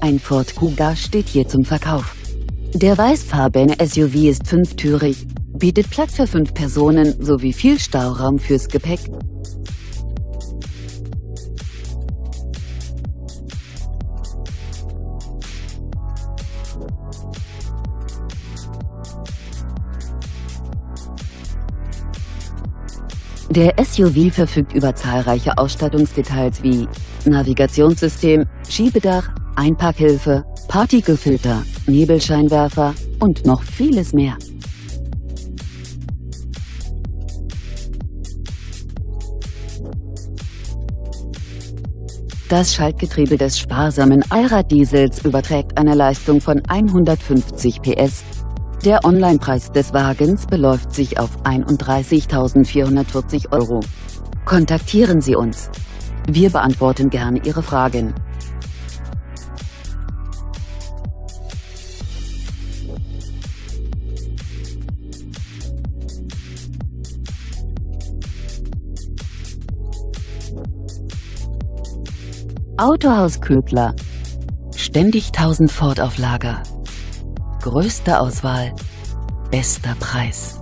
Ein Ford Kuga steht hier zum Verkauf. Der weißfarbene SUV ist fünftürig, bietet Platz für fünf Personen sowie viel Stauraum fürs Gepäck. Der SUV verfügt über zahlreiche Ausstattungsdetails wie Navigationssystem, Schiebedach, Einparkhilfe, Partikelfilter, Nebelscheinwerfer und noch vieles mehr. Das Schaltgetriebe des sparsamen Allrad-Diesels überträgt eine Leistung von 150 PS der Onlinepreis des Wagens beläuft sich auf 31.440 Euro. Kontaktieren Sie uns. Wir beantworten gerne Ihre Fragen. Autohaus Ködler. Ständig 1000 Ford auf Lager. Größte Auswahl, bester Preis.